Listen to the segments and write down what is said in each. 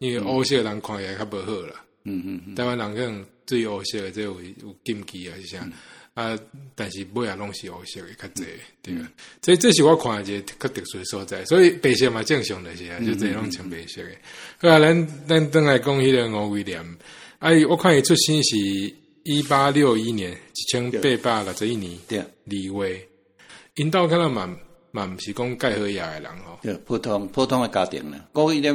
因為惡色人看起也較不好啦。嗯嗯嗯、台灣人更對惡色這個有禁忌啊，是啊，嗯嗯、啊，但是不要攏是惡色嘅較儕，嗯嗯、對啊。所以這是我看嘅一個特殊嘅所在。所以白色嘛正常咧，是啊，就這種穿白色嘅。嗯嗯嗯、好啊，咱咱等來講迄個吳威廉，哎，我看伊出生是一八六一年，一千八百六十一年，年對，啊對，立威。因我看到蠻嘛唔是講蓋好牙嘅人吼，普通普通嘅家庭咧，吳威廉。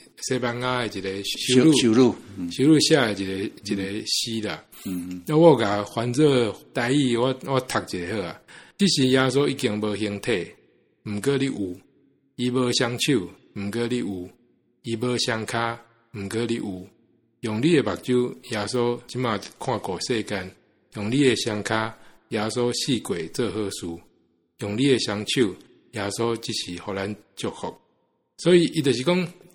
西班牙一個修女，修女、嗯、寫的一個、嗯、一個詩啦嗯，的、嗯。那我個翻做台語，我我讀一下好啊。即是耶穌已經無形態，毋過你有伊無雙手，毋過你有伊無雙跤，毋過你有用你的目睭，耶穌即嘛看過世間；用你的雙跤，耶穌四界做好事，用你的雙手，耶穌即時互咱祝福。所以是，伊著是講。